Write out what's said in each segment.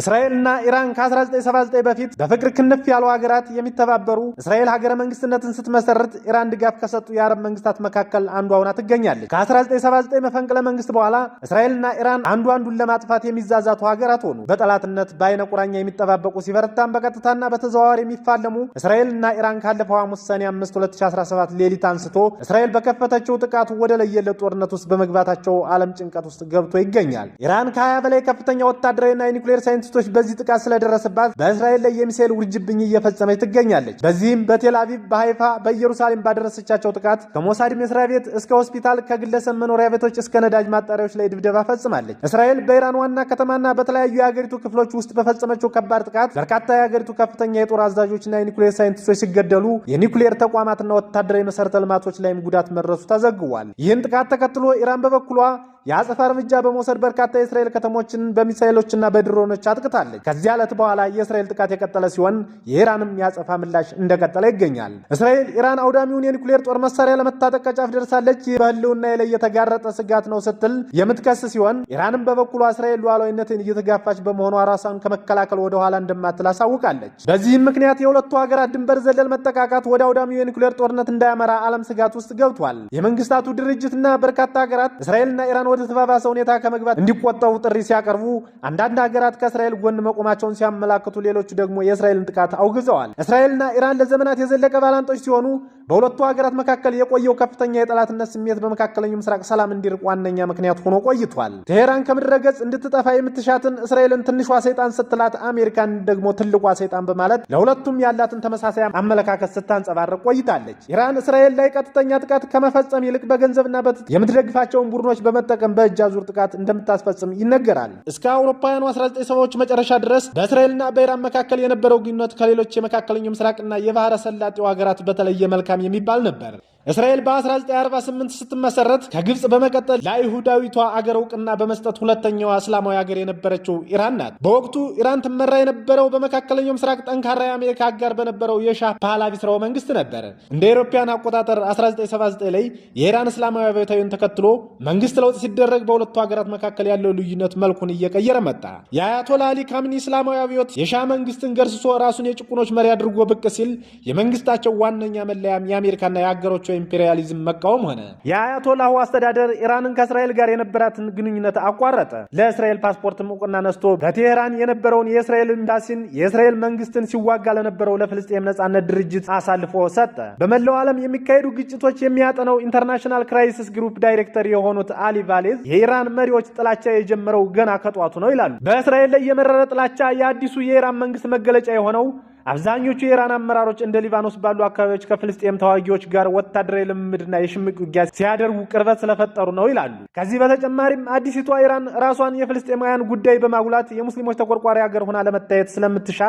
እስራኤልና ኢራን ከ1979 በፊት በፍቅር ክንፍ ያሉ ሀገራት የሚተባበሩ እስራኤል ሀገረ መንግስትነትን ስትመሰርት ኢራን ድጋፍ ከሰጡ የአረብ መንግስታት መካከል አንዷ ሆና ትገኛለች። ከ1979 መፈንቅለ መንግስት በኋላ እስራኤልና ኢራን አንዱ አንዱን ለማጥፋት የሚዛዛቱ ሀገራት ሆኑ። በጠላትነት በአይነ ቁራኛ የሚጠባበቁ ሲበረታም በቀጥታና በተዘዋዋሪ የሚፋለሙ እስራኤልና ኢራን ካለፈው ሐሙስ ሰኔ 5 2017 ሌሊት አንስቶ እስራኤል በከፈተችው ጥቃቱ ወደ ለየለት ጦርነት ውስጥ በመግባታቸው ዓለም ጭንቀት ውስጥ ገብቶ ይገኛል። ኢራን ከ20 በላይ ከፍተኛ ወታደራዊና የኒውክሌር ሳይንስ ሳይንቲስቶች በዚህ ጥቃት ስለደረሰባት በእስራኤል ላይ የሚሳኤል ውርጅብኝ እየፈጸመች ትገኛለች። በዚህም በቴል አቪቭ፣ በሃይፋ፣ በኢየሩሳሌም ባደረሰቻቸው ጥቃት ከሞሳድ መስሪያ ቤት እስከ ሆስፒታል፣ ከግለሰብ መኖሪያ ቤቶች እስከ ነዳጅ ማጣሪያዎች ላይ ድብደባ ፈጽማለች። እስራኤል በኢራን ዋና ከተማና በተለያዩ የአገሪቱ ክፍሎች ውስጥ በፈጸመችው ከባድ ጥቃት በርካታ የአገሪቱ ከፍተኛ የጦር አዛዦችና የኒኩሌር ሳይንቲስቶች ሲገደሉ የኒኩሌር ተቋማትና ወታደራዊ መሰረተ ልማቶች ላይም ጉዳት መድረሱ ተዘግቧል። ይህን ጥቃት ተከትሎ ኢራን በበኩሏ የአጸፋ እርምጃ በመውሰድ በርካታ የእስራኤል ከተሞችን በሚሳይሎችና በድሮኖች አጥቅታለች። ከዚህ ዕለት በኋላ የእስራኤል ጥቃት የቀጠለ ሲሆን የኢራንም የአጸፋ ምላሽ እንደቀጠለ ይገኛል። እስራኤል ኢራን አውዳሚውን የኒኩሌር ጦር መሳሪያ ለመታጠቅ ከጫፍ ደርሳለች፣ በህልውና ላይ የተጋረጠ ስጋት ነው ስትል የምትከስ ሲሆን ኢራንም በበኩሏ እስራኤል ሉዓላዊነትን እየተጋፋች በመሆኗ ራሷን ከመከላከል ወደኋላ እንደማትል አሳውቃለች። በዚህም ምክንያት የሁለቱ ሀገራት ድንበር ዘለል መጠቃቃት ወደ አውዳሚው የኒኩሌር ጦርነት እንዳያመራ ዓለም ስጋት ውስጥ ገብቷል። የመንግስታቱ ድርጅትና በርካታ ሀገራት እስራኤልና ኢራን ወደ ተባባሰ ሁኔታ ከመግባት እንዲቆጠቡ ጥሪ ሲያቀርቡ አንዳንድ ሀገራት ከእስራኤል ጎን መቆማቸውን ሲያመላክቱ፣ ሌሎቹ ደግሞ የእስራኤልን ጥቃት አውግዘዋል። እስራኤልና ኢራን ለዘመናት የዘለቀ ባላንጦች ሲሆኑ በሁለቱ ሀገራት መካከል የቆየው ከፍተኛ የጠላትነት ስሜት በመካከለኛው ምስራቅ ሰላም እንዲርቅ ዋነኛ ምክንያት ሆኖ ቆይቷል። ቴሄራን ከምድረ ገጽ እንድትጠፋ የምትሻትን እስራኤልን ትንሿ ሰይጣን ስትላት አሜሪካን ደግሞ ትልቋ ሰይጣን በማለት ለሁለቱም ያላትን ተመሳሳይ አመለካከት ስታንጸባርቅ ቆይታለች። ኢራን እስራኤል ላይ ቀጥተኛ ጥቃት ከመፈጸም ይልቅ በገንዘብና በትጥቅ የምትደግፋቸውን ቡድኖች በመጠቀም በመጠቀም በእጅ አዙር ጥቃት እንደምታስፈጽም ይነገራል። እስከ አውሮፓውያኑ 19 ሰዎች መጨረሻ ድረስ በእስራኤልና በኢራን መካከል የነበረው ግንኙነት ከሌሎች የመካከለኛው ምስራቅና የባህረ ሰላጤው ሀገራት በተለየ መልካም የሚባል ነበር። እስራኤል በ1948 ስትመሰረት ከግብፅ በመቀጠል ለአይሁዳዊቷ አገር እውቅና በመስጠት ሁለተኛዋ እስላማዊ አገር የነበረችው ኢራን ናት። በወቅቱ ኢራን ትመራ የነበረው በመካከለኛው ምስራቅ ጠንካራ የአሜሪካ አጋር በነበረው የሻህ ፓህላቪ ስርወ መንግስት ነበር። እንደ ኤሮፓያን አቆጣጠር 1979 ላይ የኢራን እስላማዊ አብዮታዊን ተከትሎ መንግስት ለውጥ ሲደረግ በሁለቱ ሀገራት መካከል ያለው ልዩነት መልኩን እየቀየረ መጣ። የአያቶላ አሊ ካምኒ እስላማዊ አብዮት የሻህ መንግስትን ገርስሶ ራሱን የጭቁኖች መሪ አድርጎ ብቅ ሲል የመንግስታቸው ዋነኛ መለያም የአሜሪካና የአገሮቹ ኢምፔሪያሊዝም መቃወም ሆነ። የአያቶላሁ አስተዳደር ኢራንን ከእስራኤል ጋር የነበራትን ግንኙነት አቋረጠ። ለእስራኤል ፓስፖርትም እውቅና ነስቶ በቴሄራን የነበረውን የእስራኤል ኤምባሲን የእስራኤል መንግስትን ሲዋጋ ለነበረው ለፍልስጤም ነጻነት ድርጅት አሳልፎ ሰጠ። በመላው ዓለም የሚካሄዱ ግጭቶች የሚያጠነው ኢንተርናሽናል ክራይሲስ ግሩፕ ዳይሬክተር የሆኑት አሊ ቫሌዝ የኢራን መሪዎች ጥላቻ የጀመረው ገና ከጧቱ ነው ይላሉ። በእስራኤል ላይ የመረረ ጥላቻ የአዲሱ የኢራን መንግስት መገለጫ የሆነው አብዛኞቹ የኢራን አመራሮች እንደ ሊባኖስ ባሉ አካባቢዎች ከፍልስጤም ተዋጊዎች ጋር ወታደራዊ ልምምድና የሽምቅ ውጊያ ሲያደርጉ ቅርበት ስለፈጠሩ ነው ይላሉ። ከዚህ በተጨማሪም አዲሲቷ ኢራን ራሷን የፍልስጤማውያን ጉዳይ በማጉላት የሙስሊሞች ተቆርቋሪ ሀገር ሆና ለመታየት ስለምትሻ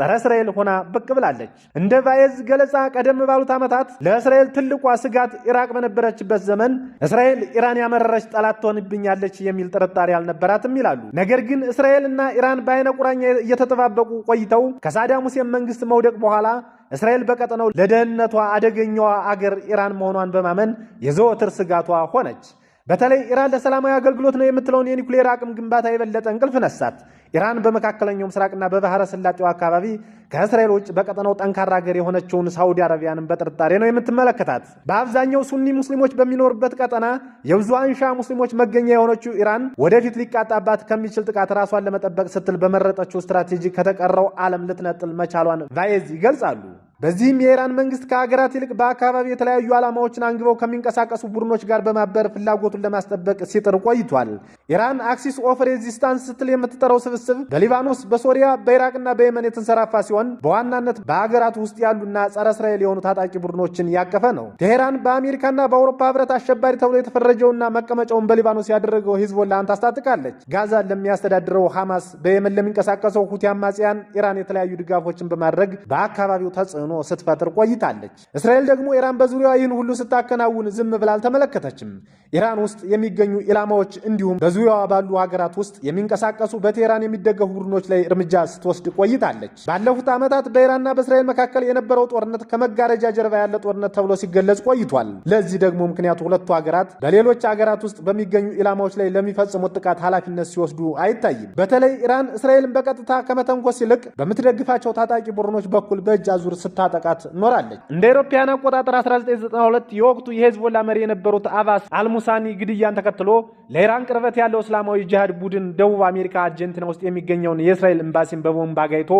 ጸረ እስራኤል ሆና ብቅ ብላለች። እንደ ቫየዝ ገለጻ ቀደም ባሉት ዓመታት ለእስራኤል ትልቋ ስጋት ኢራቅ በነበረችበት ዘመን እስራኤል ኢራን ያመረረች ጠላት ትሆንብኛለች የሚል ጥርጣሬ አልነበራትም ይላሉ። ነገር ግን እስራኤል እና ኢራን በአይነ ቁራኛ እየተጠባበቁ ቆይተው ከሳዳም ሁሴን መንግስት መውደቅ በኋላ እስራኤል በቀጠነው ለደህንነቷ አደገኛዋ አገር ኢራን መሆኗን በማመን የዘወትር ስጋቷ ሆነች። በተለይ ኢራን ለሰላማዊ አገልግሎት ነው የምትለውን የኒኩሌር አቅም ግንባታ የበለጠ እንቅልፍ ነሳት። ኢራን በመካከለኛው ምስራቅና በባህረ ስላጤው አካባቢ ከእስራኤል ውጭ በቀጠናው ጠንካራ ሀገር የሆነችውን ሳውዲ አረቢያንም በጥርጣሬ ነው የምትመለከታት። በአብዛኛው ሱኒ ሙስሊሞች በሚኖርበት ቀጠና የብዙ አንሻ ሙስሊሞች መገኛ የሆነችው ኢራን ወደፊት ሊቃጣባት ከሚችል ጥቃት ራሷን ለመጠበቅ ስትል በመረጠችው ስትራቴጂ ከተቀረው ዓለም ልትነጥል መቻሏን ቫየዝ ይገልጻሉ። በዚህም የኢራን መንግስት ከሀገራት ይልቅ በአካባቢው የተለያዩ ዓላማዎችን አንግበው ከሚንቀሳቀሱ ቡድኖች ጋር በማበር ፍላጎቱን ለማስጠበቅ ሲጥር ቆይቷል። ኢራን አክሲስ ኦፍ ሬዚስታንስ ስትል የምትጠራው ስብስብ በሊባኖስ፣ በሶሪያ፣ በኢራቅና በየመን የተንሰራፋ ሲሆን በዋናነት በሀገራት ውስጥ ያሉና ጸረ እስራኤል የሆኑ ታጣቂ ቡድኖችን ያቀፈ ነው። ቴሄራን በአሜሪካና በአውሮፓ ህብረት አሸባሪ ተብሎ የተፈረጀውና መቀመጫውን በሊባኖስ ያደረገው ሂዝቦላን ታስታጥቃለች። ጋዛን ለሚያስተዳድረው ሐማስ፣ በየመን ለሚንቀሳቀሰው ሁቲ አማጽያን ኢራን የተለያዩ ድጋፎችን በማድረግ በአካባቢው ተጽዕኖ ሆኖ ስትፈጥር ቆይታለች። እስራኤል ደግሞ ኢራን በዙሪያዋ ይህን ሁሉ ስታከናውን ዝም ብላ አልተመለከተችም። ኢራን ውስጥ የሚገኙ ኢላማዎች እንዲሁም በዙሪያዋ ባሉ ሀገራት ውስጥ የሚንቀሳቀሱ በቴህራን የሚደገፉ ቡድኖች ላይ እርምጃ ስትወስድ ቆይታለች። ባለፉት ዓመታት በኢራንና በእስራኤል መካከል የነበረው ጦርነት ከመጋረጃ ጀርባ ያለ ጦርነት ተብሎ ሲገለጽ ቆይቷል። ለዚህ ደግሞ ምክንያቱ ሁለቱ ሀገራት በሌሎች ሀገራት ውስጥ በሚገኙ ኢላማዎች ላይ ለሚፈጽሙት ጥቃት ኃላፊነት ሲወስዱ አይታይም። በተለይ ኢራን እስራኤልን በቀጥታ ከመተንኮስ ይልቅ በምትደግፋቸው ታጣቂ ቡድኖች በኩል በእጅ አዙር ስታጠቃት ኖራለች። እንደ አውሮፓውያን አቆጣጠር 1992 የወቅቱ የሄዝቦላ መሪ የነበሩት አባስ አልሙሳኒ ግድያን ተከትሎ ለኢራን ቅርበት ያለው እስላማዊ ጅሃድ ቡድን ደቡብ አሜሪካ አርጀንቲና ውስጥ የሚገኘውን የእስራኤል ኤምባሲን በቦምብ አጋይቶ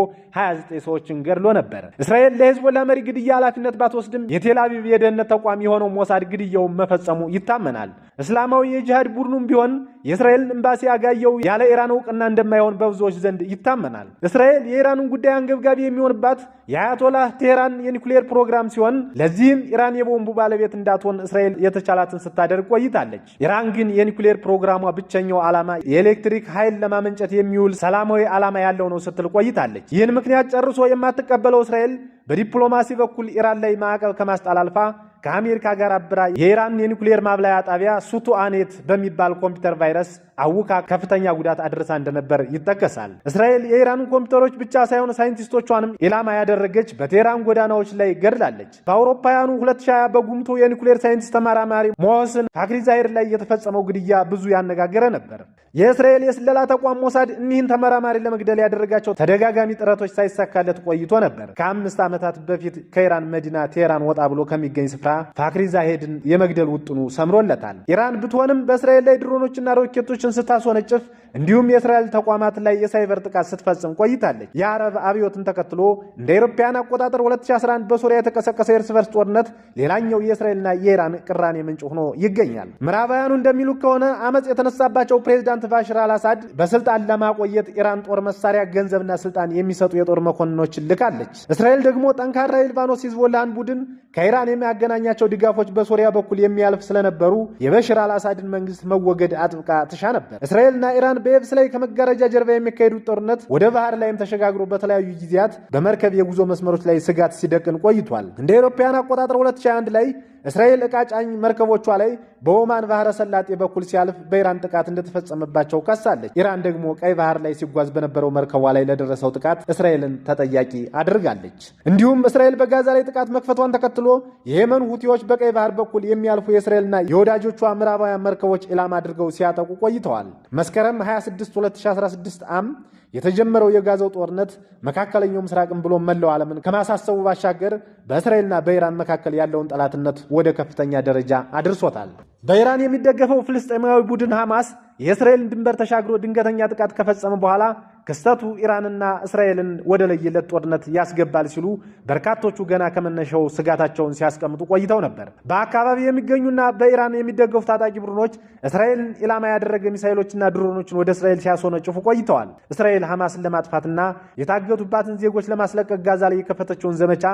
29 ሰዎችን ገድሎ ነበር። እስራኤል ለሄዝቦላ መሪ ግድያ ኃላፊነት ባትወስድም የቴል አቪቭ የደህንነት ተቋም የሆነው ሞሳድ ግድያውን መፈጸሙ ይታመናል። እስላማዊ የጂሃድ ቡድኑም ቢሆን የእስራኤልን ኤምባሲ አጋየው ያለ ኢራን እውቅና እንደማይሆን በብዙዎች ዘንድ ይታመናል። እስራኤል የኢራንን ጉዳይ አንገብጋቢ የሚሆንባት የአያቶላህ ቴህራን የኒኩሌር ፕሮግራም ሲሆን ለዚህም ኢራን የቦምቡ ባለቤት እንዳትሆን እስራኤል የተቻላትን ስታደርግ ቆይታለች። ኢራን ግን የኒኩሌር ፕሮግራሟ ብቸኛው ዓላማ የኤሌክትሪክ ኃይል ለማመንጨት የሚውል ሰላማዊ ዓላማ ያለው ነው ስትል ቆይታለች። ይህን ምክንያት ጨርሶ የማትቀበለው እስራኤል በዲፕሎማሲ በኩል ኢራን ላይ ማዕቀብ ከማስጣል አልፋ ከአሜሪካ ጋር አብራ የኢራን የኒኩሌር ማብላያ ጣቢያ ሱቱ አኔት በሚባል ኮምፒውተር ቫይረስ አውካ ከፍተኛ ጉዳት አድርሳ እንደነበር ይጠቀሳል። እስራኤል የኢራንን ኮምፒውተሮች ብቻ ሳይሆን ሳይንቲስቶቿንም ኢላማ ያደረገች በቴህራን ጎዳናዎች ላይ ገድላለች። በአውሮፓውያኑ 2020 በጉምቱ የኒኩሌር ሳይንቲስት ተመራማሪ ሞሆስን ታክሪዛይር ላይ የተፈጸመው ግድያ ብዙ ያነጋገረ ነበር። የእስራኤል የስለላ ተቋም ሞሳድ እኒህን ተመራማሪ ለመግደል ያደረጋቸው ተደጋጋሚ ጥረቶች ሳይሳካለት ቆይቶ ነበር። ከአምስት ዓመታት በፊት ከኢራን መዲና ቴህራን ወጣ ብሎ ከሚገኝ ስፍራ ፋክሪዛሄድን የመግደል ውጥኑ ሰምሮለታል። ኢራን ብትሆንም በእስራኤል ላይ ድሮኖችና ሮኬቶች ጥይቶችን ስታስወነጭፍ እንዲሁም የእስራኤል ተቋማት ላይ የሳይበር ጥቃት ስትፈጽም ቆይታለች። የአረብ አብዮትን ተከትሎ እንደ አውሮፓውያን አቆጣጠር 2011 በሶሪያ የተቀሰቀሰ የእርስ በርስ ጦርነት ሌላኛው የእስራኤልና የኢራን ቅራኔ ምንጭ ሆኖ ይገኛል። ምዕራባውያኑ እንደሚሉ ከሆነ አመፅ የተነሳባቸው ፕሬዚዳንት ባሽር አልአሳድ በስልጣን ለማቆየት ኢራን ጦር መሳሪያ፣ ገንዘብና ስልጣን የሚሰጡ የጦር መኮንኖች ልካለች። እስራኤል ደግሞ ጠንካራ የሊባኖስ ሂዝቦላን ቡድን ከኢራን የሚያገናኛቸው ድጋፎች በሶሪያ በኩል የሚያልፍ ስለነበሩ የበሽር አልአሳድን መንግስት መወገድ አጥብቃ ትሻ ነበር። እስራኤልና ኢራን በየብስ ላይ ከመጋረጃ ጀርባ የሚካሄዱት ጦርነት ወደ ባህር ላይም ተሸጋግሮ በተለያዩ ጊዜያት በመርከብ የጉዞ መስመሮች ላይ ስጋት ሲደቅን ቆይቷል። እንደ አውሮፓውያን አቆጣጠር 2021 ላይ እስራኤል ዕቃ ጫኝ መርከቦቿ ላይ በኦማን ባህረ ሰላጤ በኩል ሲያልፍ በኢራን ጥቃት እንደተፈጸመባቸው ከሳለች። ኢራን ደግሞ ቀይ ባህር ላይ ሲጓዝ በነበረው መርከቧ ላይ ለደረሰው ጥቃት እስራኤልን ተጠያቂ አድርጋለች። እንዲሁም እስራኤል በጋዛ ላይ ጥቃት መክፈቷን ተከትሎ የየመን ሁቲዎች በቀይ ባህር በኩል የሚያልፉ የእስራኤልና የወዳጆቿ ምዕራባውያን መርከቦች ኢላማ አድርገው ሲያጠቁ ቆይተዋል። መስከረም 26 2016 ዓ.ም የተጀመረው የጋዛው ጦርነት መካከለኛው ምስራቅን ብሎ መላው ዓለምን ከማሳሰቡ ባሻገር በእስራኤልና በኢራን መካከል ያለውን ጠላትነት ወደ ከፍተኛ ደረጃ አድርሶታል። በኢራን የሚደገፈው ፍልስጤማዊ ቡድን ሐማስ የእስራኤልን ድንበር ተሻግሮ ድንገተኛ ጥቃት ከፈጸመ በኋላ ክስተቱ ኢራንና እስራኤልን ወደ ለየለት ጦርነት ያስገባል ሲሉ በርካቶቹ ገና ከመነሻው ስጋታቸውን ሲያስቀምጡ ቆይተው ነበር። በአካባቢ የሚገኙና በኢራን የሚደገፉ ታጣቂ ቡድኖች እስራኤልን ኢላማ ያደረገ ሚሳይሎችና ድሮኖችን ወደ እስራኤል ሲያስወነጭፉ ቆይተዋል። እስራኤል ሐማስን ለማጥፋትና የታገቱባትን ዜጎች ለማስለቀቅ ጋዛ ላይ የከፈተችውን ዘመቻ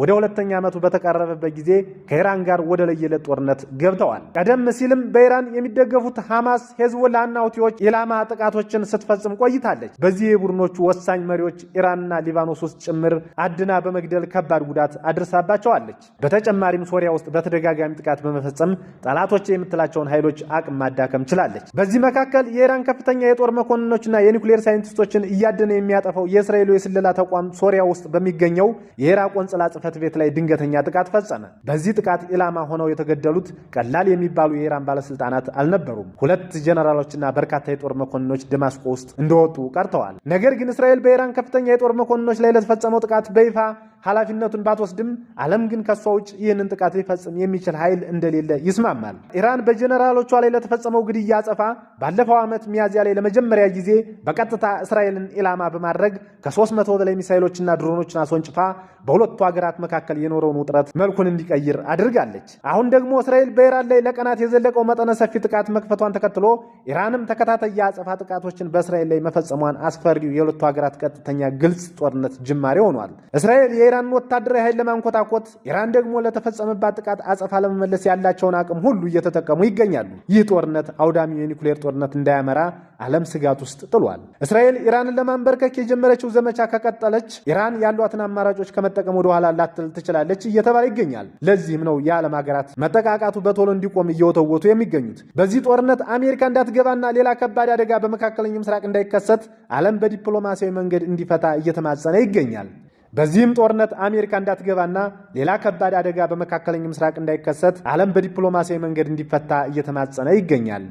ወደ ሁለተኛ ዓመቱ በተቃረበበት ጊዜ ከኢራን ጋር ወደ ለየለት ጦርነት ገብተዋል። ቀደም ሲልም በኢራን የሚደገፉት ሐማስ፣ ሄዝቦላና ሁቲዎች ኢላማ ጥቃቶችን ስትፈጽም ቆይታለች። በዚህ የቡድኖቹ ወሳኝ መሪዎች ኢራንና ሊባኖስ ውስጥ ጭምር አድና በመግደል ከባድ ጉዳት አድርሳባቸዋለች። በተጨማሪም ሶሪያ ውስጥ በተደጋጋሚ ጥቃት በመፈጸም ጠላቶች የምትላቸውን ኃይሎች አቅም ማዳከም ችላለች። በዚህ መካከል የኢራን ከፍተኛ የጦር መኮንኖችና የኒኩሌር ሳይንቲስቶችን እያደነ የሚያጠፋው የእስራኤሉ የስለላ ተቋም ሶሪያ ውስጥ በሚገኘው የኢራቅ ቆንጽላ ጽሕፈት ቤት ላይ ድንገተኛ ጥቃት ፈጸመ። በዚህ ጥቃት ኢላማ ሆነው የተገደሉት ቀላል የሚባሉ የኢራን ባለስልጣናት አልነበሩም። ሁለት ጀነራሎችና በርካታ የጦር መኮንኖች ደማስቆ ውስጥ እንደወጡ ቀርተዋል። ነገር ግን እስራኤል በኢራን ከፍተኛ የጦር መኮንኖች ላይ ለተፈጸመው ጥቃት በይፋ ኃላፊነቱን ባትወስድም ዓለም ግን ከእሷ ውጭ ይህንን ጥቃት ሊፈጽም የሚችል ኃይል እንደሌለ ይስማማል። ኢራን በጀነራሎቿ ላይ ለተፈጸመው ግድያ አጸፋ ባለፈው ዓመት ሚያዝያ ላይ ለመጀመሪያ ጊዜ በቀጥታ እስራኤልን ኢላማ በማድረግ ከ300 በላይ ሚሳይሎችና ድሮኖችን አስወንጭፋ በሁለቱ ሀገራት መካከል የኖረውን ውጥረት መልኩን እንዲቀይር አድርጋለች። አሁን ደግሞ እስራኤል በኢራን ላይ ለቀናት የዘለቀው መጠነ ሰፊ ጥቃት መክፈቷን ተከትሎ ኢራንም ተከታታይ የአጸፋ ጥቃቶችን በእስራኤል ላይ መፈጸሟን አስፈሪው የሁለቱ ሀገራት ቀጥተኛ ግልጽ ጦርነት ጅማሬ ሆኗል። እስራኤል የኢራንን ወታደራዊ ኃይል ለማንኮታኮት፣ ኢራን ደግሞ ለተፈጸመባት ጥቃት አጸፋ ለመመለስ ያላቸውን አቅም ሁሉ እየተጠቀሙ ይገኛሉ። ይህ ጦርነት አውዳሚ የኒኩሌር ጦርነት እንዳያመራ ዓለም ስጋት ውስጥ ጥሏል። እስራኤል ኢራንን ለማንበርከክ የጀመረችው ዘመቻ ከቀጠለች ኢራን ያሏትን አማራጮች ከመጠቀም ወደኋላ ላትል ትችላለች እየተባለ ይገኛል። ለዚህም ነው የዓለም ሀገራት መጠቃቃቱ በቶሎ እንዲቆም እየወተወቱ የሚገኙት። በዚህ ጦርነት አሜሪካ እንዳትገባና ሌላ ከባድ አደጋ በመካከለኛው ምስራቅ እንዳይከሰት ዓለም በዲፕሎማሲያዊ መንገድ እንዲፈታ እየተማጸነ ይገኛል። በዚህም ጦርነት አሜሪካ እንዳትገባና ሌላ ከባድ አደጋ በመካከለኛ ምስራቅ እንዳይከሰት ዓለም በዲፕሎማሲያዊ መንገድ እንዲፈታ እየተማጸነ ይገኛል።